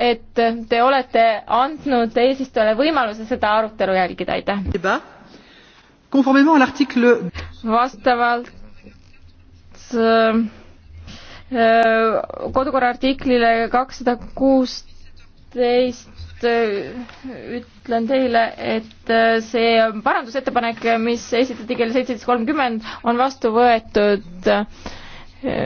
et te olete andnud eesistujale võimaluse seda arutelu jälgida, aitäh. vastavalt äh, kodukorra artiklile kakssada kuusteist äh, ütlen teile, et äh, see parandusettepanek, mis esitati kell seitseteist kolmkümmend, on vastu võetud